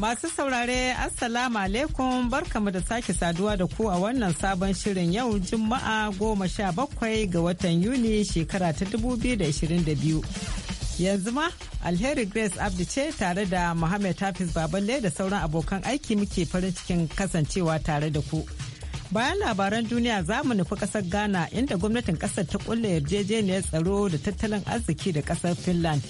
Masu saurare Assalamu alaikum barkamu da sake saduwa da ku a wannan sabon shirin yau Juma'a goma sha bakwai ga watan Yuni shekara ta da biyu. Yanzu ma Alheri Grace Abdi ce tare da Muhammad tafis Baballe da sauran abokan aiki muke farin cikin kasancewa tare da ku. Bayan labaran duniya za mu nufi ƙasar Ghana inda gwamnatin ƙasar ta ƙulla yarjejeniyar tsaro da tattalin arziki da ƙasar Finland.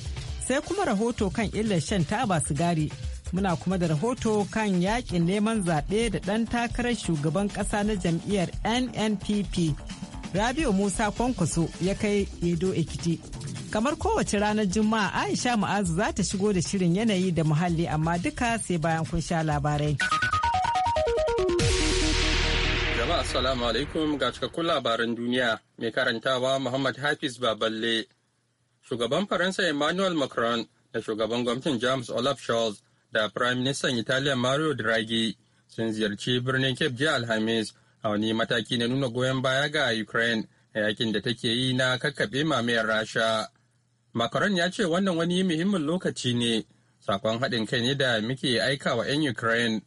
Sai kuma rahoto kan illar shan taba sigari Muna kuma da rahoto kan yakin neman zaɓe da ɗan takarar shugaban ƙasa na jam'iyyar NNPP. Rabiu Musa Kwankwaso ya kai Edo Ekiti. Kamar kowace ranar Juma'a Aisha Ma'azu za ta shigo da shirin yanayi da muhalli amma duka sai bayan kun sha labarai. Jama'a Assalamu alaikum ga cikakkun labaran duniya mai karantawa Muhammad Hafiz Baballe. Shugaban Faransa Emmanuel Macron da shugaban gwamnatin James Olaf Scholz da Firaministan italian Mario Draghi sun ziyarci birnin Cape jiya Alhamis a wani mataki na nuna goyon baya ga Ukraine a yakin da take yi na kakkaɓe mamayar Rasha. Macron ya ce wannan wani muhimmin lokaci ne, sakon haɗin kai ne da muke aika wa 'yan Ukraine.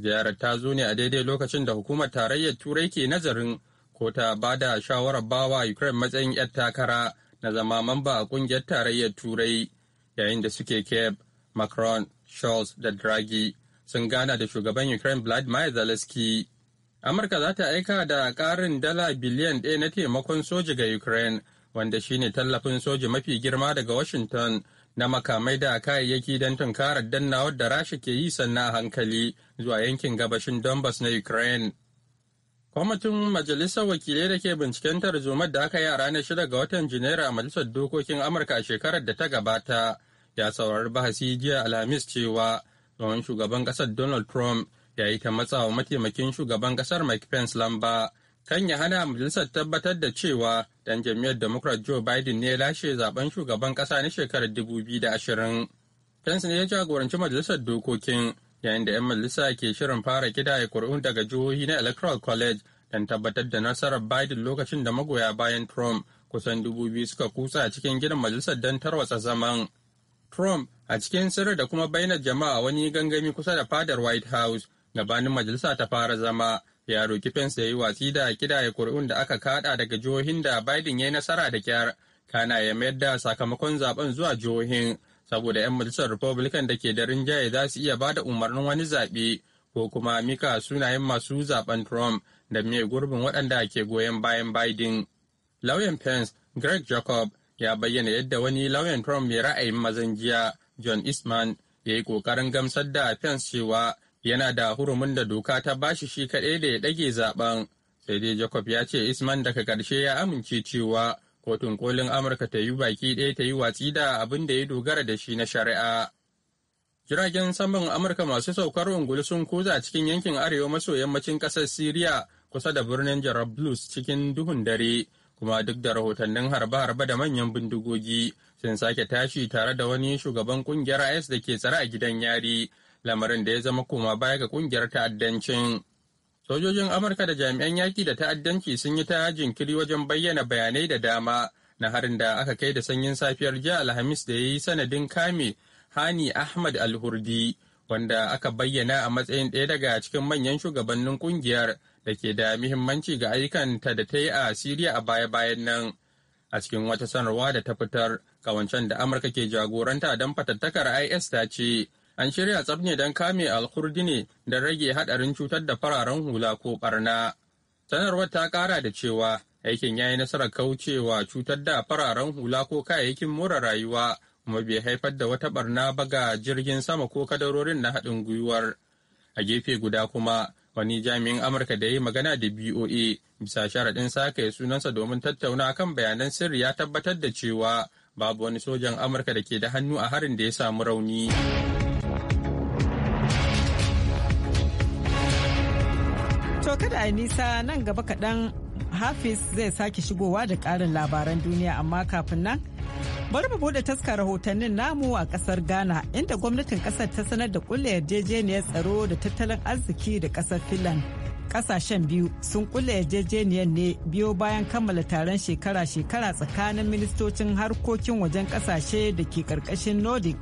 Ziyarar ta zo ne a daidai lokacin da hukumar tarayyar Turai ke nazarin ko ta ba da shawarar bawa Ukraine matsayin 'yar takara na zama mamba a ƙungiyar tarayyar Turai yayin da suke Cape. Macron charles da Draghi sun gana da shugaban Ukraine Vladimir Zelensky. Amurka za ta aika da karin dala biliyan ɗaya na taimakon soji ga Ukraine, wanda shi ne tallafin soji mafi girma daga Washington na makamai da kayayyaki don tunkarar dannawar da Rasha ke yi sannan a hankali zuwa yankin gabashin Donbass na Ukraine. Kwamitin Majalisar Wakilai da ke binciken tarzoma da aka yi a ranar shida ga watan Janairu a Majalisar Dokokin Amurka a shekarar da ta gabata ya saurari bahasi jiya alhamis cewa tsohon shugaban kasar donald trump ya yi ta matsawa mataimakin shugaban kasar mike pence lamba kan ya hana majalisar tabbatar da cewa dan jam'iyyar democrat joe biden ne lashe zaben shugaban kasa na shekarar 2020 pence ne ya jagoranci majalisar dokokin yayin da 'yan majalisa ke shirin fara kidaya kuri'un daga jihohi na electoral college don tabbatar da nasarar biden lokacin da magoya bayan trump kusan dubu biyu suka kutsa cikin gidan majalisar don tarwatsa zaman Trump a cikin sirri da kuma bainar jama'a wani gangami kusa da fadar White House gabanin majalisa ta fara zama ya roki Pence ya yi watsi da kidaye kuri'un da aka kada daga jihohin da Biden ya yi nasara da kyar kana ya mayar da sakamakon zaben zuwa jihohin saboda 'yan majalisar Republican da ke da rinjaye za su iya bada umarnin wani zaɓe ko kuma mika sunayen masu zaben Trump da mai gurbin waɗanda ke goyon bayan Biden. Lauyan Pence, Greg Jacob, ya bayyana yadda wani lauyan Trump mai ra'ayin mazan jiya John Eastman ya yi ƙoƙarin gamsar da Pence cewa yana da hurumin da doka ta bashi shi kaɗai da ya ɗage zaben. Sai dai Jacob ya ce Eastman daga ƙarshe ya amince cewa kotun kolin Amurka ta yi baki ɗaya ta yi watsi da abin da ya dogara da shi na shari'a. Jiragen saman Amurka masu saukar ungulu sun koza cikin yankin arewa maso yammacin ƙasar Siriya kusa da birnin Jarablus cikin duhun dare. kuma duk da rahotannin harbe-harbe da manyan bindigogi sun sake tashi tare da wani shugaban kungiyar is da ke tsare a gidan yari lamarin da ya zama koma baya ga kungiyar ta'addancin sojojin amurka da jami'an yaki da ta'addanci sun yi ta jinkiri wajen bayyana bayanai da dama na harin da aka kai da sanyin safiyar jiya alhamis da ya yi sanadin kame hani ahmad alhurdi wanda aka bayyana a matsayin ɗaya daga cikin manyan shugabannin kungiyar da ke da muhimmanci ga ayyukan ta da ta yi a Siriya a baya-bayan nan. A cikin wata sanarwa da ta fitar, kawancen da Amurka ke jagoranta don fatattakar IS ta ce, an shirya tsaf ne don kame alkurdi ne da rage hadarin cutar da fararen hula ko barna. Sanarwar ta kara da cewa aikin ya yi nasarar kaucewa cutar da fararen hula ko kayayyakin more rayuwa kuma bai haifar da wata barna ba ga jirgin sama ko kadarorin na haɗin gwiwar. A gefe guda kuma wani jami'in amurka da ya yi magana da boa bisa sharaɗin sake sunansa domin tattauna kan bayanan sirri ya tabbatar da cewa babu wani sojan amurka da ke da hannu a harin da ya samu rauni to kada a nisa nan gaba kaɗan Hafiz zai sake shigowa da ƙarin labaran duniya amma kafin nan bari mu bude taskar rahotannin namu a ƙasar Ghana inda gwamnatin ƙasar ta sanar da kulle yarjejeniyar tsaro da tattalin arziki da ƙasar Finland. Ƙasashen biyu sun kulle yarjejeniyar ne biyo bayan kammala taron shekara-shekara tsakanin ministocin harkokin wajen ƙasashe da ke ƙarƙashin Nordic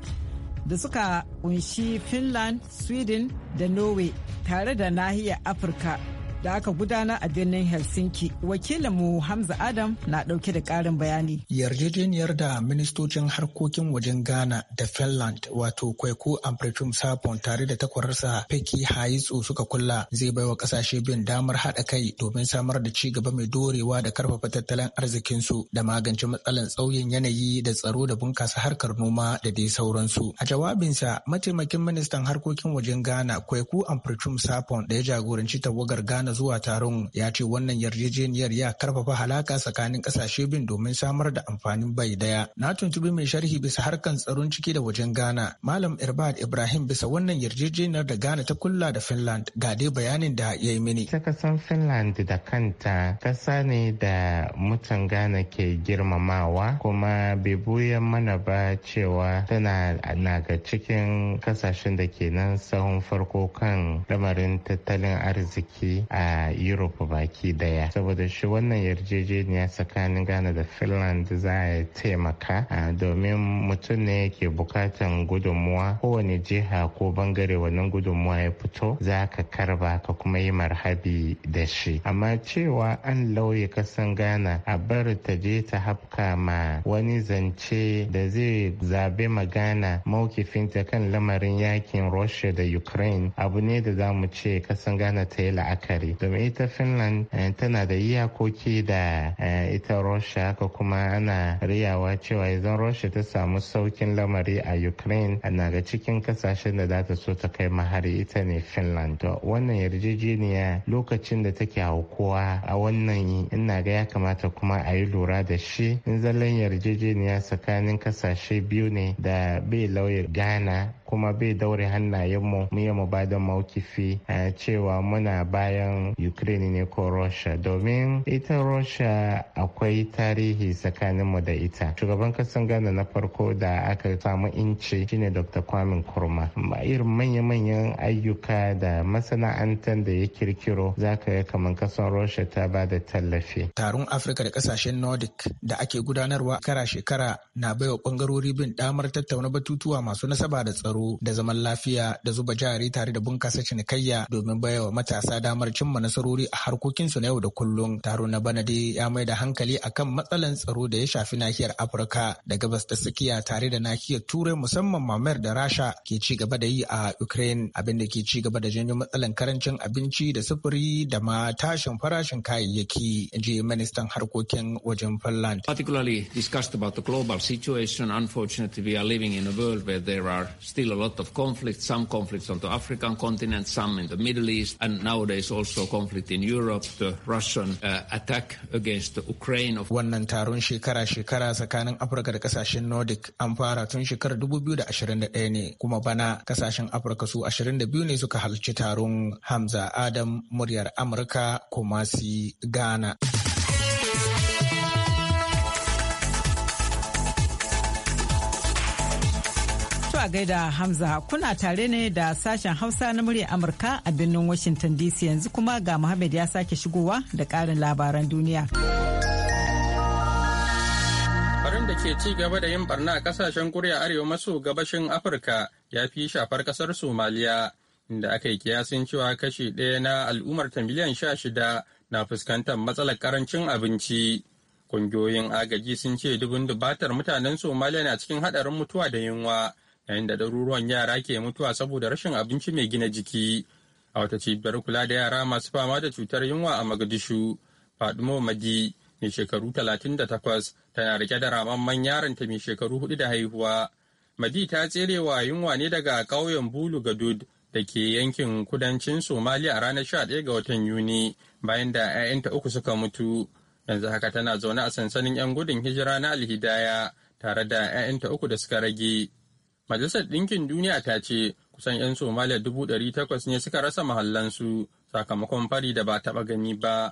da suka kunshi Finland, Sweden da Norway tare da nahiyar Afirka da aka gudana a birnin Helsinki. wakilin mu Hamza Adam na ɗauke da ƙarin bayani. Yarjejeniyar da ministocin harkokin wajen Ghana da Finland wato Kwaiko Ampritum Sapon tare da takwararsa Peki hayitso suka kulla zai baiwa ƙasashe bin damar haɗa kai domin samar da ci gaba mai dorewa da karfafa tattalin arzikinsu da magance matsalan tsauyin yanayi da tsaro da bunƙasa harkar noma da dai sauransu. A jawabinsa mataimakin ministan harkokin wajen Ghana Kwaiko Ampritum Sapon da ya jagoranci tawagar Ghana hana zuwa taron ya ce wannan yarjejeniyar ya karfafa halaka tsakanin kasashe bin domin samar da amfanin bai daya na tuntubi mai sharhi bisa harkan tsaron ciki da wajen ghana malam irbad ibrahim bisa wannan yarjejeniyar da ghana ta kulla da finland ga dai bayanin da ya yi mini ta kasan finland da kanta kasa ne da mutan ghana ke girmamawa kuma bai buya mana ba cewa tana na ga cikin kasashen da ke nan sahun farko kan lamarin tattalin arziki a a europe baki daya saboda shi wannan yarjejeniya tsakanin ghana da finland za a taimaka domin mutum ne yake bukatan gudunmuwa kowane jiha ko bangare wannan gudunmuwa ya fito za ka karba ka kuma yi marhabi da shi amma cewa an lauye kasan ghana a bar ta je ta hafka ma wani zance da zai zabe magana maukifinta kan lamarin yakin russia da ukraine abu ne da za mu ce kasan ghana ta yi la'akari hankali domin ita finland eh, tana da iyakoki da eh, ita russia haka kuma ana riyawa cewa idan russia ta samu saukin lamari a ukraine na ga cikin kasashen da za ta so ta kai mahari ita ne finland to wannan yarjejeniya lokacin da take haukuwa a wannan ina ga ya kamata kuma a yi lura da shi in zallan yarjejeniya tsakanin kasashe biyu ne da bai lauya ghana kuma bai daure hannayenmu mu yi mu ba da maukifi eh, cewa muna bayan ukraine ne ko russia domin ita russia akwai tarihi tsakaninmu da ita shugaban kasan ghana na farko da aka samu inci shine dr Kwamin kurma irin manya-manyan ayyuka da masana'antar da ya kirkiro ka yi kamar kasan russia ta ba da tallafi taron afirka da kasashen nordic da ake gudanarwa kara shekara na baiwa bangarori bin damar tattauna batutuwa masu nasaba da tsaro tsaro da zaman lafiya da zuba jari tare da bunkasa cinikayya domin wa matasa damar cimma nasarori a harkokinsu na yau da kullum. Taro na bana dai ya mai da hankali akan matsalan tsaro da ya shafi nahiyar Afirka da gabas da tsakiya tare da nahiyar Turai musamman mamayar da Rasha ke ci gaba da yi a Ukraine abinda ke ci gaba da janyo matsalan karancin abinci da sufuri da ma tashin farashin kayayyaki in ji ministan harkokin wajen Finland. Particularly discussed about the global situation, unfortunately we are living in a world where there are still still a lot of conflict, some conflicts on the African continent, some in the Middle East, and nowadays also conflict in Europe, the Russian uh, attack against the Ukraine. Of Wannan taron shekara-shekara tsakanin Afirka da kasashen Nordic an fara tun shekarar 2021 ne, kuma bana kasashen Afirka su 22 ne suka halarci taron Hamza Adam muryar Amurka Kumasi Ghana. a gaida Hamza kuna tare ne da sashen Hausa na murya Amurka a birnin Washington DC yanzu kuma ga Muhammad ya sake shigowa da ƙarin labaran duniya. Farin da ke ci gaba da yin barna a kasashen Kuriya Arewa maso gabashin Afirka ya fi shafar kasar Somaliya inda aka yi kiyasin cewa kashi ɗaya na al'ummar ta miliyan sha shida na fuskantar matsalar karancin abinci. Kungiyoyin agaji sun ce dubun dubatar mutanen Somaliya na cikin haɗarin mutuwa da yunwa yayin da ɗaruruwan yara ke mutuwa saboda rashin abinci mai gina jiki a wata cibiyar kula da yara masu fama da cutar yunwa a magadishu fadumo magi mai shekaru takwas tana rike da ramamman yaronta mai shekaru hudu da haihuwa madi ta tserewa yunwa ne daga ƙauyen bulu gadud da ke yankin kudancin somaliya a ranar 11 ga watan yuni bayan da 'ya'yanta uku suka mutu yanzu haka tana zaune a sansanin 'yan gudun hijira na alhidaya tare da 'ya'yanta uku da suka rage Majalisar Ɗinkin Duniya ta ce kusan 'yan Somaliya dubu ɗari takwas ne suka rasa mahallansu sakamakon fari da ba taɓa gani ba.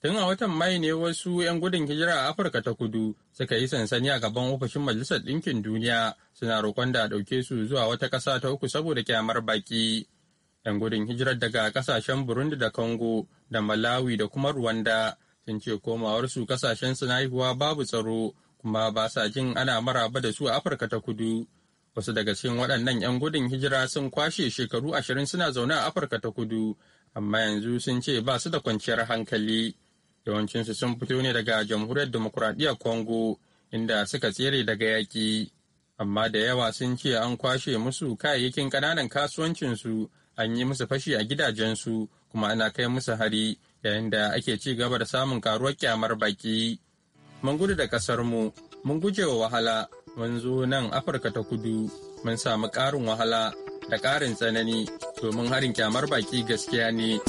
Tun a watan Mai ne wasu 'yan gudun hijira a Afirka ta kudu suka yi sansani a gaban ofishin Majalisar Ɗinkin Duniya suna roƙon da a ɗauke su zuwa wata ƙasa ta uku saboda kyamar baƙi. 'Yan gudun hijirar daga ƙasashen Burundi da Congo da Malawi da kuma Rwanda sun ce komawarsu ƙasashen su haihuwa babu tsaro kuma ba sa jin ana maraba da su a Afirka ta kudu. Wasu daga cikin waɗannan 'yan gudun hijira sun kwashe shekaru ashirin suna zaune a Afirka ta kudu, amma yanzu sun ce ba su da kwanciyar hankali. Yawancinsu sun fito ne daga Jamhuriyar Demokuraɗiyyar Congo, inda suka tsere daga yaƙi. Amma da yawa sun ce an kwashe musu kayayyakin ƙananan kasuwancinsu, an yi musu fashi a gidajensu, kuma ana kai musu hari, yayin da ake ci gaba da samun karuwar kyamar baki. Mun gudu da ƙasarmu, mun guje wa wahala, mun nan Afirka ta kudu mun samu ƙarin wahala da ƙarin tsanani domin harin kyamar baki gaskiya ne.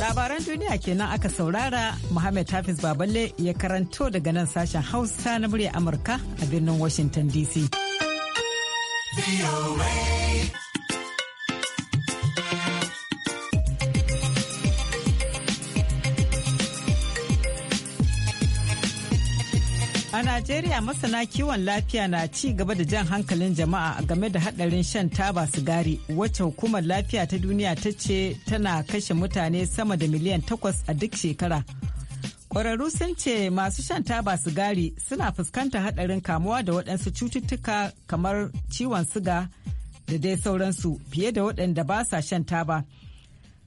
Labaran duniya kenan aka saurara Muhammad Hafiz Baballe ya karanto daga nan sashen Hausa na murya Amurka a birnin Washington DC. A Najeriya masana kiwon lafiya na ci gaba da jan hankalin jama'a game da hadarin shan taba sigari wacce hukumar lafiya ta duniya ta ce tana kashe mutane sama da miliyan takwas a duk shekara. Ƙwararru sun ce masu shan taba sigari suna fuskantar hadarin kamuwa da waɗansu cututtuka kamar ciwon siga da dai sauransu fiye da waɗanda ba sa shan taba.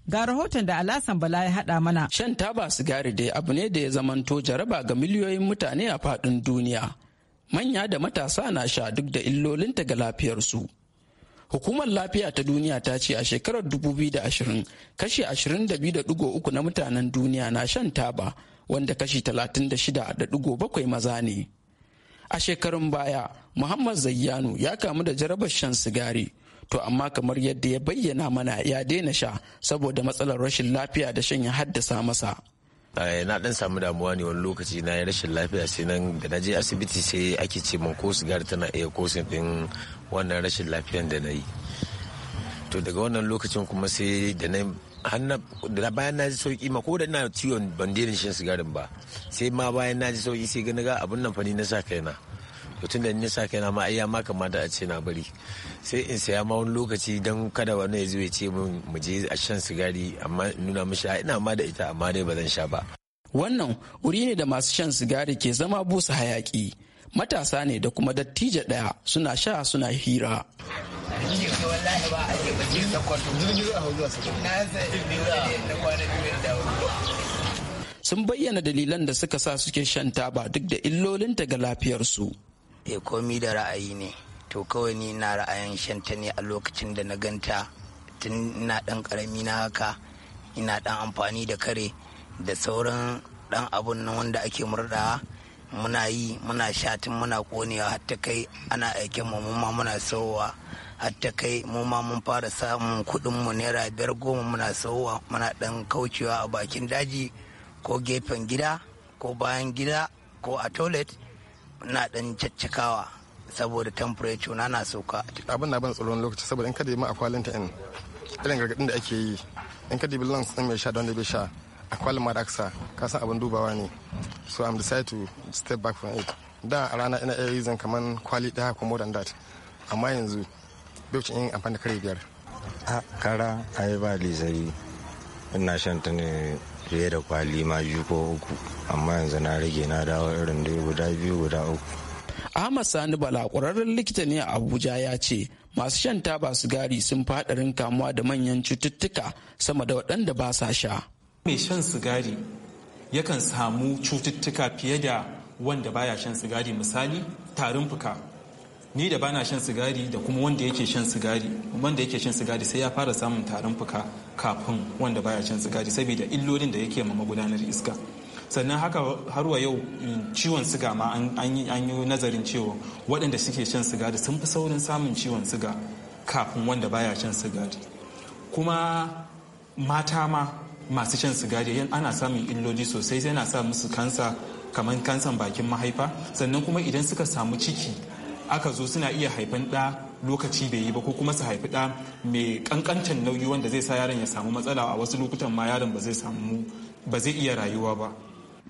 Ga rahoton da Alasan Bala ya haɗa mana. Shan taba sigari dai abu ne da ya zamanto jaraba ga miliyoyin mutane a faɗin duniya. Manya da matasa na sha duk da illolinta ga lafiyarsu. Hukumar lafiya ta duniya ta ce a shekarar 2020 kashi 22.3 na mutanen duniya na shan taba wanda kashi 36.7 maza ne. A shekarun baya, Muhammad zayyano ya kamu da jarabar shan sigari to amma kamar yadda ya bayyana mana ya daina sha saboda matsalar rashin lafiya da shan ya haddasa masa eh, na dan samu damuwa ne wani lokaci na yi rashin lafiya sai nan da na je asibiti sai ake ce min ko sigari tana iya kosin din wannan rashin lafiyan da na yi to daga wannan lokacin kuma sai da na da bayan na ji sauki ma ko da ina ciwon ban daina shan sigarin ba sai ma bayan na ji sauki sai ga na ga abin nan fani na sa kaina mutum tun da ni sa kaina ma ai ya ma kamata a ce na bari sai in saya ma wani lokaci don kada wani ya zuwa ce min mu je a shan sigari amma nuna mishi ina ma da ita amma dai ba zan sha ba wannan wuri ne da masu shan sigari ke zama busa hayaki matasa ne da kuma dattijo daya suna sha suna hira sun bayyana dalilan da suka sa suke shan taba duk da illolinta ga lafiyarsu e komi da ra'ayi ne to kawai ni na ra'ayin shanta ne a lokacin da na ganta tun ina dan karami na haka ina dan amfani da kare da sauran dan abun nan wanda ake murda muna yi muna shatin muna konewa har kai ana aikin mu ma muna sowa har kai mu ma mun fara samun kuɗin mu naira biyar goma muna sowa muna dan kaucewa a bakin daji ko gefen gida ko bayan gida ko a toilet na dan caccakawa saboda temperature na na sauka abin na ban tsoron lokaci saboda in kada yi ma a kwalin ta in irin gargadin da ake yi in kada yi lungs din mai sha don da bai sha a kwalin ma da ka san abin dubawa ne so i'm decided to step back from it da a rana ina iya reason kaman kwali daya ko more than that amma yanzu bai in amfani da kare biyar a ah, kara ayi ba lizayi ina shan ta ne fiye da kwali ma biyu ko uku amma yanzu na rage na dawo irin dai guda biyu guda uku ahmad sani bala ƙwararren likita ne a abuja ya ce masu shan taba sigari sun fi haɗarin kamuwa da manyan cututtuka sama da waɗanda ba sa sha mai shan sigari yakan samu cututtuka fiye da wanda baya shan sigari misali tarin fuka ni da bana shan sigari da kuma wanda yake shan sigari wanda yake shan sigari sai ya fara samun tarin fuka kafin wanda baya shan sigari saboda illolin da yake ma magudanar iska sannan haka har wa yau mm, ciwon siga ma an yi nazarin cewa waɗanda suke shan sigari sun fi saurin samun ciwon siga kafin wanda baya shan sigari kuma mata ma masu shan sigari ana samun illoli sosai yana sa musu kansa kamar kansan bakin mahaifa sannan kuma idan suka samu ciki aka zo suna iya haifan ɗa lokaci bai yi ba ko kuma su haifi ɗa mai ƙanƙantan nauyi wanda zai sa yaron ya samu matsala a wasu lokutan ma yaron ba zai samu ba zai iya rayuwa ba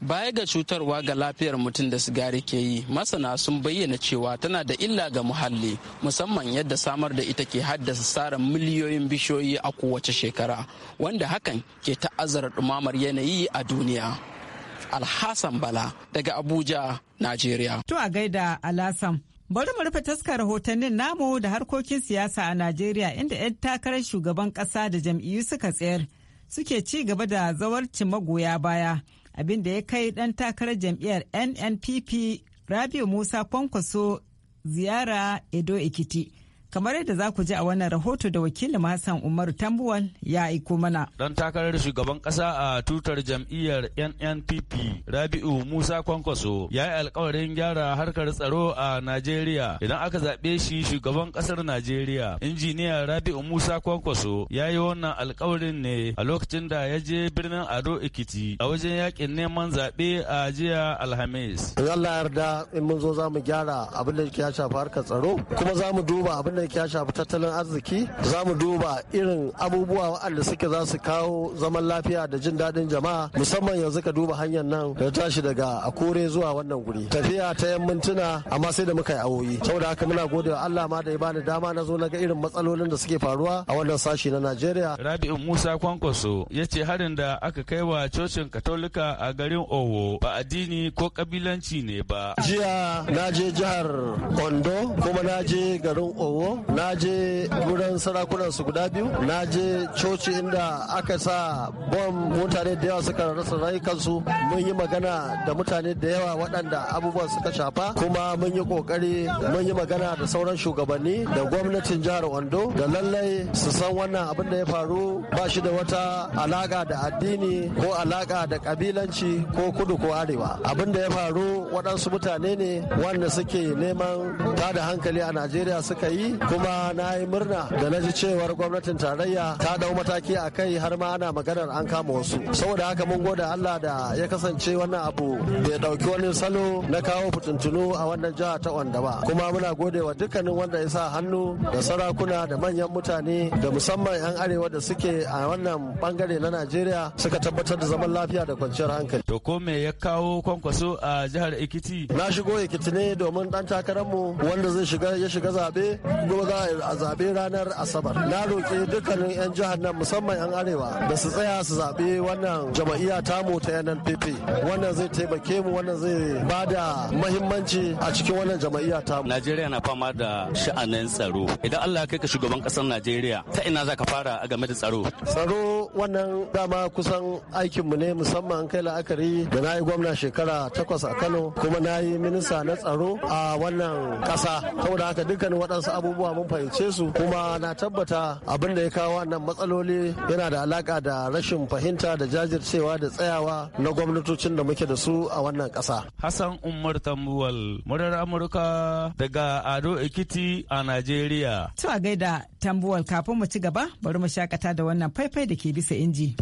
baya ga cutarwa ga lafiyar mutum da sigari ke yi masana sun bayyana cewa tana da illa ga muhalli musamman yadda samar da ita ke haddasa tsara miliyoyin bishiyoyi a kowace shekara wanda hakan ke ta'azzara ɗumamar yanayi a duniya alhassan bala daga abuja najeriya to a gaida alhassan Bari mu rufe taskar rahotannin namu da harkokin siyasa a Najeriya inda 'yan takarar shugaban ƙasa da jam'iyyu suka tsayar suke ci gaba da zawarci magoya baya abin da ya kai ɗan takarar jam'iyyar NNPP Rabiu Musa Kwankwaso ziyara Edo Ekiti. kamar yadda za ku ji a wannan rahoto da wakilin Hassan Umaru Tambuwal ya aiko mana. Dan takarar shugaban kasa a tutar jam'iyyar NNPP Rabi'u Musa Kwankwaso ya yi alkawarin gyara harkar tsaro a Najeriya idan aka zaɓe shi shugaban kasar Najeriya. Injiniya Rabi'u Musa Kwankwaso ya yi wannan alkawarin ne a lokacin da ya je birnin Ado Ekiti a wajen yakin neman zaɓe a jiya Alhamis. In Allah yarda in mun zo za mu gyara abin da ya shafi harkar tsaro kuma za mu duba abin da yake ya shafi tattalin arziki za mu duba irin abubuwa waɗanda suke za su kawo zaman lafiya da jin daɗin jama'a musamman yanzu ka duba hanyar nan da tashi daga akure zuwa wannan guri tafiya ta yan mintuna amma sai da muka yi awoyi saboda haka muna gode Allah ma da ya bani dama na zo na ga irin matsalolin da suke faruwa a wannan sashi na Najeriya Rabi'u Musa Kwankwaso ya ce harin da aka kai wa cocin Katolika a garin Owo ba addini ko kabilanci ne ba jiya na je jihar Ondo kuma na je garin Owo na je wurin sarakunan su guda biyu na je coci inda aka sa bom mutane da yawa suka rasa rayukansu mun yi magana da mutane da yawa waɗanda abubuwan suka shafa kuma mun yi kokari mun yi magana da sauran shugabanni da gwamnatin jihar Ondo da lallai su san wannan abin da ya faru ba shi da wata alaka da addini ko alaka da kabilanci ko kudu ko arewa abin da ya faru waɗansu mutane ne wanda suke neman ta da hankali a Najeriya suka yi kuma na yi murna da na ji cewar gwamnatin tarayya ta dau mataki a kai har ma ana maganar an kama wasu saboda haka mun gode allah da ya kasance wannan abu bai dauki wani salo na kawo fitintunu a wannan jiha ta wanda ba kuma muna gode wa dukkanin wanda ya sa hannu da sarakuna da manyan mutane da musamman yan arewa da suke a wannan bangare na najeriya suka tabbatar da zaman lafiya da kwanciyar hankali to ko me ya kawo kwankwaso a jihar ekiti na shigo ekiti ne domin dan mu wanda zai shiga ya shiga zabe gobe a zaɓe ranar asabar na roƙi dukkanin 'yan jihar nan musamman 'yan arewa da su tsaya su zaɓe wannan jama'iyya tamu ta pepe wannan zai taimake mu wannan zai ba da mahimmanci a cikin wannan jama'iyya tamu najeriya na fama da sha'anin tsaro idan allah kai ka shugaban ƙasar najeriya ta ina za ka fara game da tsaro tsaro wannan dama kusan aikinmu ne musamman kai la'akari da na yi gwamna shekara takwas a kano kuma na yi minista na tsaro a wannan ƙasa saboda haka dukkanin waɗansu abubuwa abubuwa mun fahimce su kuma na tabbata abin da ya kawo wannan matsaloli yana da alaka da rashin fahimta da jajircewa da tsayawa na gwamnatocin da muke da su a wannan ƙasa. Hassan Umar Tambuwal, murar Amurka daga Ado Ekiti a Najeriya. To a gaida Tambuwal kafin mu ci gaba bari mu shakata da wannan faifai da ke bisa inji.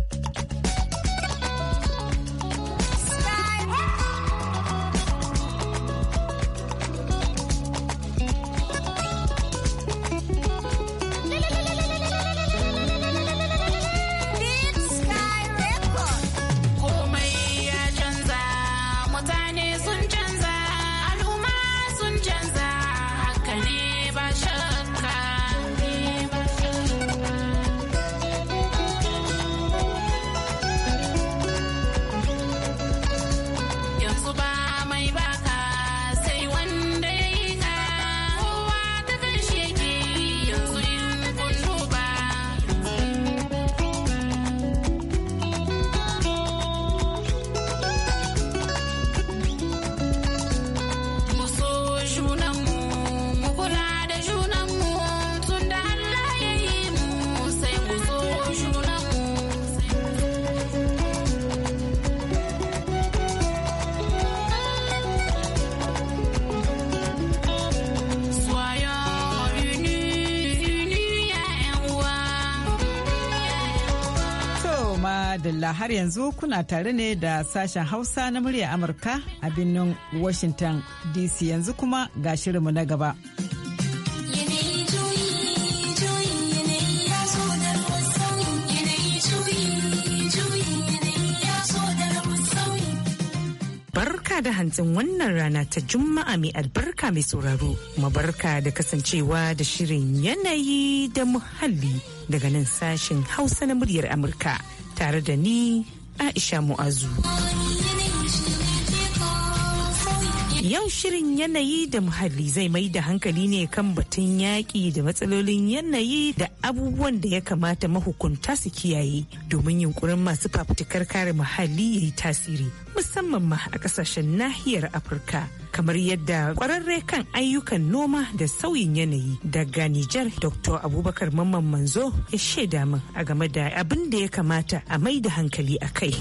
dalla har yanzu kuna tare ne da sashen Hausa na murya Amurka a birnin Washington DC yanzu kuma ga shirinmu na gaba. Barka da hantsin wannan rana ta Juma'a mai albarka mai sauraro, mabarka da kasancewa da shirin yanayi da muhalli daga nan sashen Hausa na muryar Amurka. tare da ni Aisha Mu'azu. Yau shirin yanayi da muhalli zai mai da hankali ne kan batun yaƙi da matsalolin yanayi da abubuwan da ya kamata mahukunta su kiyaye domin yunkurin masu fafutukar kare muhalli ya yi tasiri musamman ma a ƙasashen nahiyar Afirka. kamar yadda ƙwararre kan ayyukan noma da sauyin yanayi daga Nijar Dr. Abubakar Mamman Manzo ya shaida min a game da abin da ya kamata a mai da hankali a kai.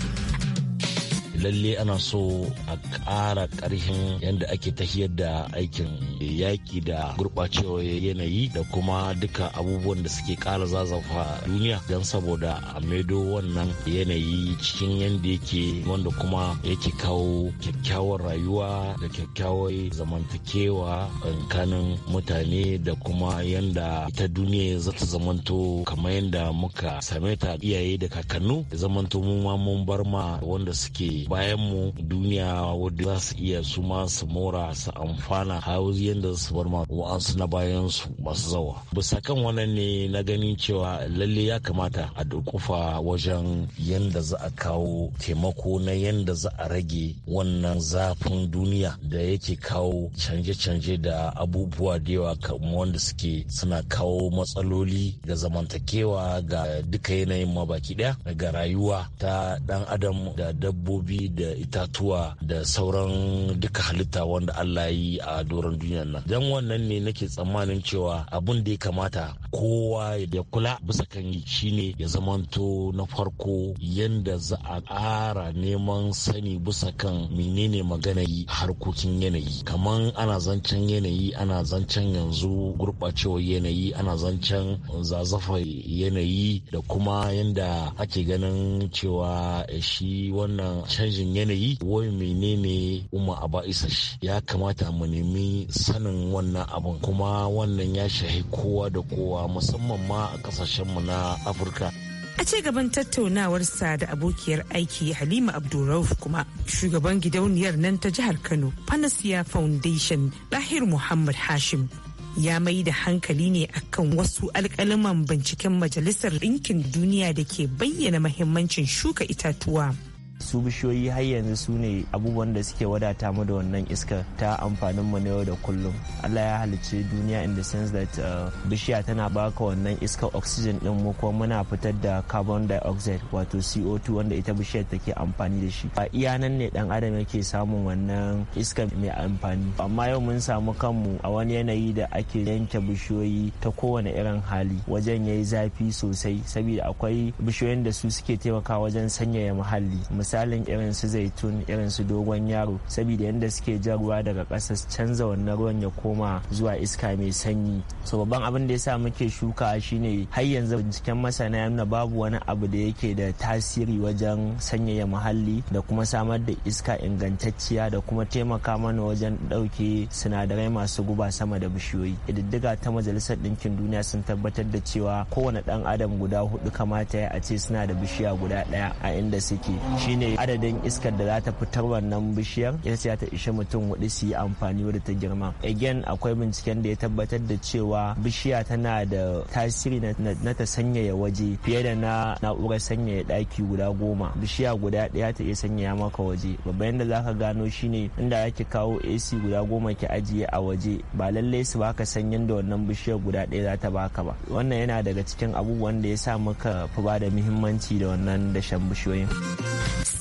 lalle ana so a ƙara ƙarfin yadda ake tahiyar da aikin yaki da gurɓacewar yanayi da kuma duka abubuwan da suke ƙara zazafa duniya don saboda a maido wannan yanayi cikin yadda yake wanda kuma yake kawo kyakkyawar rayuwa da kyakkyawar zamantakewa tsakanin mutane da kuma yanda ita duniya za ta zamanto kamar yadda muka same ta iyaye da kakannu da zamanto mu ma mun bar ma wanda suke bayan mu duniya wadda za su iya su ma su mora su amfana har yadda su bar ma wa'ansu na bayan su masu zawa bisa kan wannan ne na ganin cewa lalle ya kamata a dukufa wajen yadda za a kawo taimako na yadda za a rage wannan zafin duniya da yake kawo canje-canje da abubuwa da yawa wanda suke suna kawo matsaloli ga zamantakewa ga duka yanayin mabaki daya ga rayuwa ta dan adam da dabbobi da itatuwa da sauran duka halitta wanda allah yi a doron duniya duniyar nan dan wannan ne nake tsammanin cewa abin da ya kamata kowa ya kula bisa kan yi shine ya zamanto na farko yadda za a ƙara neman sani bisa kan menene magana yi harkokin yanayi kaman ana zancen yanayi ana zancen yanzu gurɓacewar yanayi ana zancen zazafa yanayi da kuma yadda ake ganin cewa shi wannan canjin yanayi wai menene umma a isa shi ya kamata mu nemi sanin wannan abun kuma wannan ya shahi kowa da kowa musamman ma a kasashenmu na afirka a ce gaban tattaunawarsa da abokiyar aiki halima abdulrauf kuma shugaban gidauniyar nan ta jihar kano panacea foundation lahir muhammad hashim ya mai da hankali ne akan wasu alkalaman binciken majalisar ɗinkin duniya da ke bayyana mahimmancin shuka itatuwa su bishiyoyi har yanzu su ne abubuwan da suke wadata mu da wannan iska ta amfanin mu na yau da kullum Allah ya halicci duniya in the sense that uh, bishiya tana baka wannan iska oxygen din mu kuma muna fitar da carbon dioxide wato CO2 wanda ita bishiyar take amfani da shi ba iya nan ne dan adam yake samun wannan iska mai amfani amma yau mun samu kanmu a wani yanayi da ake yanke bishiyoyi ta kowane irin hali wajen yayi zafi sosai saboda akwai bishiyoyin da su suke taimakawa wajen sanyaya muhalli misalin irin su zaitun irin su dogon yaro saboda yadda suke jan ruwa daga ƙasa canza wannan ruwan ya koma zuwa iska mai sanyi so babban abin da yasa muke shuka shine har yanzu binciken masana ya babu wani abu da yake da tasiri wajen sanyaya muhalli da kuma samar da iska ingantacciya da kuma taimaka mana wajen ɗauke sinadarai masu guba sama da bishiyoyi ƙididdiga ta majalisar ɗinkin duniya sun tabbatar da cewa kowane ɗan adam guda hudu kamata ya a ce suna da bishiya guda ɗaya a inda suke shi shine adadin iskar da za ta fitar wannan bishiyar ya sai ta ishe mutum hudu su yi amfani wadda ta girma again akwai binciken da ya tabbatar da cewa bishiya tana da tasiri na ta sanyaya waje fiye da na na'urar sanyaya daki guda goma bishiya guda daya ta iya sanyaya maka waje babban yadda zaka gano shine inda ake kawo ac guda goma ki ajiye a waje ba lallai su baka sanyin da wannan bishiyar guda daya za ta baka ba wannan yana daga cikin abubuwan da ya sa muka fi ba da muhimmanci da wannan dashen bishiyoyin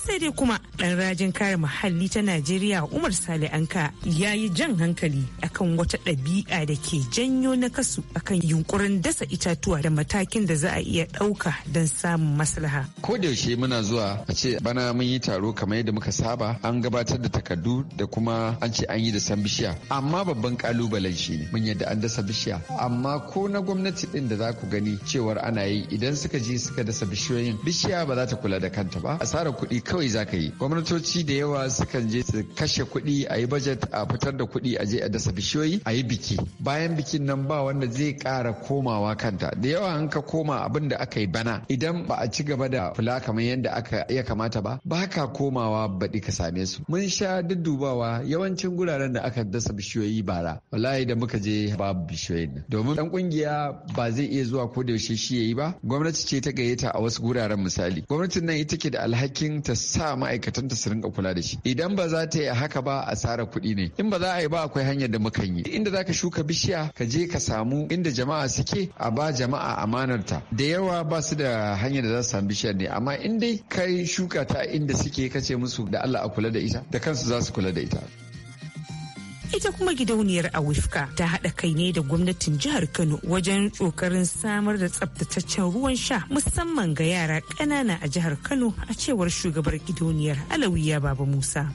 sai dai kuma ɗan rajin kare muhalli ta najeriya umar sale anka ya yi jan hankali akan wata ɗabi'a da ke janyo na kasu akan yunkurin dasa itatuwa da matakin da za a iya ɗauka don samun maslaha ko da yaushe muna zuwa a ce bana mun yi taro kamar yadda muka saba an gabatar da takardu da kuma an ce an yi da san bishiya amma babban kalubalen shi ne mun yadda an dasa bishiya amma ko na gwamnati din da za ku gani cewar ana yi idan suka je suka dasa bishiyoyin bishiya ba za ta kula da kanta ba a asarar kuɗi kuɗi kawai za ka yi gwamnatoci da yawa sukan je su kashe kuɗi a yi bajet a fitar da kuɗi a je a dasa bishiyoyi a yi biki bayan bikin nan ba wanda zai ƙara komawa kanta da yawa an ka koma abin da aka yi bana idan ba a ci gaba da kula kamar yadda aka ya kamata ba ba ka komawa baɗi ka same su mun sha duddubawa yawancin guraren da aka dasa bishiyoyi bara wallahi da muka je babu bishiyoyin nan domin ɗan ƙungiya ba zai iya zuwa ko da yaushe shi yi ba gwamnati ce ta gayyata a wasu guraren misali gwamnatin nan ita ke da alhakin ta sa ma'aikatanta su rinka kula da shi idan ba za ta yi haka ba asara kuɗi ne in ba za a yi ba akwai hanyar da mukan yi inda za ka shuka bishiya ka je ka samu inda jama'a suke a ba jama'a amanarta da yawa ba su da hanyar da za su samu bishiyar ne amma in dai kai shuka ta inda suke ka ce musu da Allah a kula da ita da kansu za su kula da ita ita kuma gidauniyar awifka ta haɗa kai ne da gwamnatin jihar kano wajen ƙoƙarin samar da tsabtataccen ruwan sha musamman ga yara ƙanana a jihar kano a cewar shugabar gidauniyar alawiya baba musa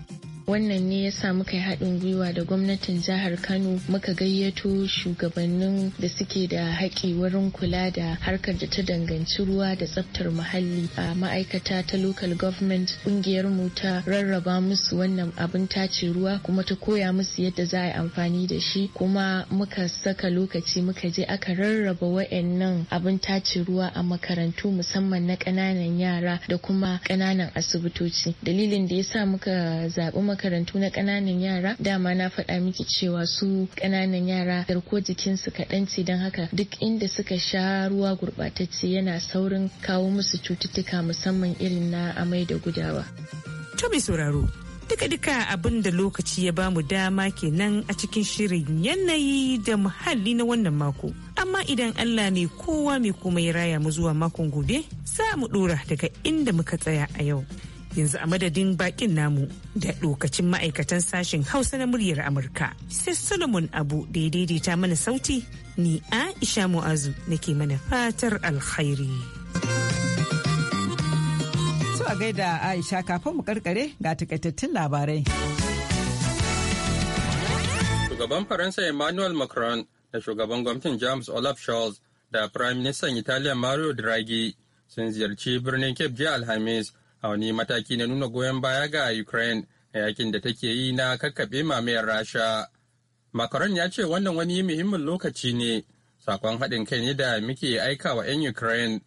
wannan ne ya sa muka yi haɗin gwiwa da gwamnatin jihar kano muka gayyato shugabannin da suke da haƙi wurin kula da harkar da ta danganci ruwa da tsaftar muhalli a ma'aikata ta local government ƙungiyar mu ta rarraba musu wannan abin tace ruwa kuma ta koya musu yadda za a yi amfani da shi kuma muka saka lokaci muka je aka rarraba wa'annan abin tace ruwa a makarantu musamman na ƙananan yara da kuma ƙananan asibitoci dalilin da ya sa muka zaɓi makarantu na ƙananan yara dama na faɗa miki cewa su ƙananan yara garko jikinsu kaɗan ce don haka duk inda suka sha ruwa gurɓatacce yana saurin kawo musu cututtuka musamman irin na amai da gudawa. To mai sauraro, duka-duka abin da lokaci ya bamu dama kenan a cikin shirin yanayi da muhalli na wannan mako. Amma idan Allah mai kowa mai kuma raya mu zuwa makon gobe, za mu ɗora daga inda muka tsaya a yau. yanzu a madadin bakin namu da lokacin ma'aikatan sashen hausa na muryar amurka sai solomon abu da ya daidaita mana sauti ni aisha mu'azu nake mana fatar alkhairi su a gaida aisha kafin mu karkare ga takaitattun labarai shugaban faransa emmanuel macron da shugaban gwamnatin james olaf scholz da prime minister italiya mario draghi sun ziyarci birnin cape jiya alhamis a wani mataki na nuna goyon baya ga Ukraine a yakin da take yi na kakkaɓe mamayar Rasha. Macron ya ce wannan wani muhimmin lokaci ne, sakon haɗin kai ne da muke aika wa 'yan Ukraine.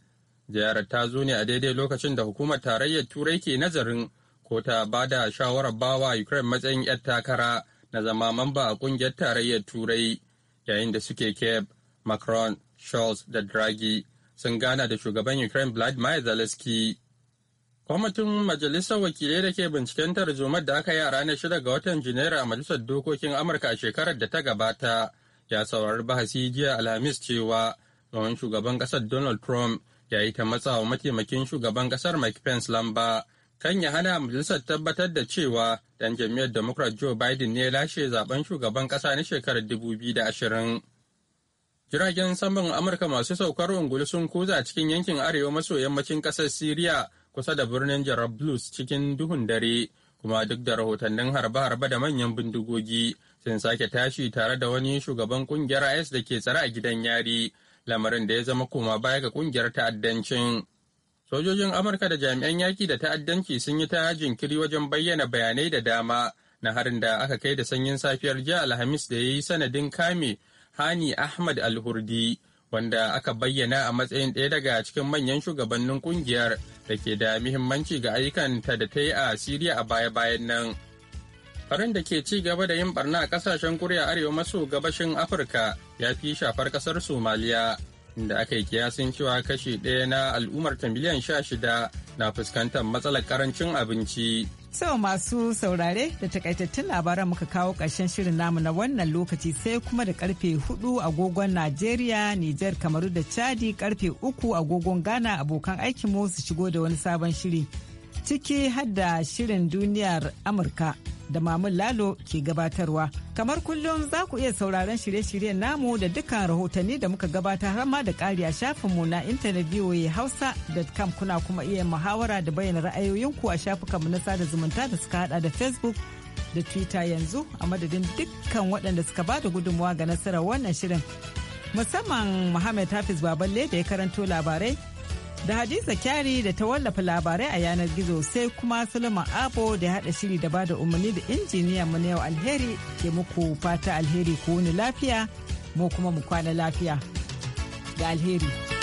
Ziyarar ta zo ne a daidai lokacin da hukumar tarayyar Turai ke nazarin ko ta ba da shawarar bawa Ukraine matsayin 'yar takara na zama mamba a ƙungiyar tarayyar Turai yayin da suke Kiev, Macron, Scholz da Draghi sun gana da shugaban Ukraine Vladimir Zelensky. Kwamitin Majalisar Wakilai da ke binciken tarjumar da aka yi a ranar shida ga watan Janairu a Majalisar Dokokin Amurka a shekarar da ta gabata ya saurari bahasi jiya Alhamis cewa tsohon shugaban ƙasar Donald Trump ya yi ta matsa wa mataimakin shugaban ƙasar Mike Pence lamba kan ya hana majalisar tabbatar da cewa dan jam'iyyar Democrat Joe Biden ne lashe zaben shugaban ƙasa na shekarar 2020. Jiragen saman Amurka masu saukar ungulu sun kuza cikin yankin arewa maso yammacin ƙasar Siriya kusa da birnin Jarab Blues cikin duhun dare, kuma duk da rahotannin harbe-harbe da manyan bindigogi sun sake tashi tare da wani shugaban kungiyar IS da ke tsare a gidan yari, lamarin da ya zama koma baya ga kungiyar ta'addancin. Sojojin Amurka da jami'an yaki da ta'addanci sun yi ta jinkiri wajen bayyana bayanai da dama na harin da aka kai da sanyin safiyar jiya Alhamis da ya yi sanadin kame Hani Ahmad Alhurdi, wanda aka bayyana a matsayin ɗaya daga cikin manyan shugabannin kungiyar da ke da muhimmanci ga ayyukanta da ta yi a siriya a baya-bayan nan farin da ke ci gaba da yin barna a kasashen kuriya arewa maso gabashin afirka ya fi shafar ƙasar somaliya inda aka yi kiyasin cewa kashi ɗaya na al'ummar ta miliyan sha shida na fuskantar matsalar karancin abinci. Sau masu saurare da takaitattun labaran muka kawo ƙarshen shirin namu na wannan lokaci sai kuma da karfe hudu agogon Najeriya, Nijar, Kamaru da Chadi karfe uku agogon Ghana abokan aikinmu su shigo da wani sabon shiri. Ciki har shirin duniyar Amurka. da Mamun Lalo ke gabatarwa. Kamar kullum za ku iya sauraron shirye-shiryen namu da dukkan rahotanni da muka gabata har ma da ƙari a shafinmu na intanet VOA Hausa.com kuna kuma iya muhawara da bayyana ra'ayoyinku a shafukanmu na sada zumunta da suka hada da Facebook da Twitter yanzu a madadin dukkan waɗanda suka ba da gudunmawa ga nasarar wannan shirin. Musamman Muhammad Hafiz Baballe da ya karanto labarai da Hadiza Kyari da ta wallafa labarai a yanar gizo sai kuma Salma Abo da haɗa shiri da bada umarni da injiniya mu na yau alheri ke muku fata alheri ko wani lafiya mu kuma mu kwana lafiya da alheri.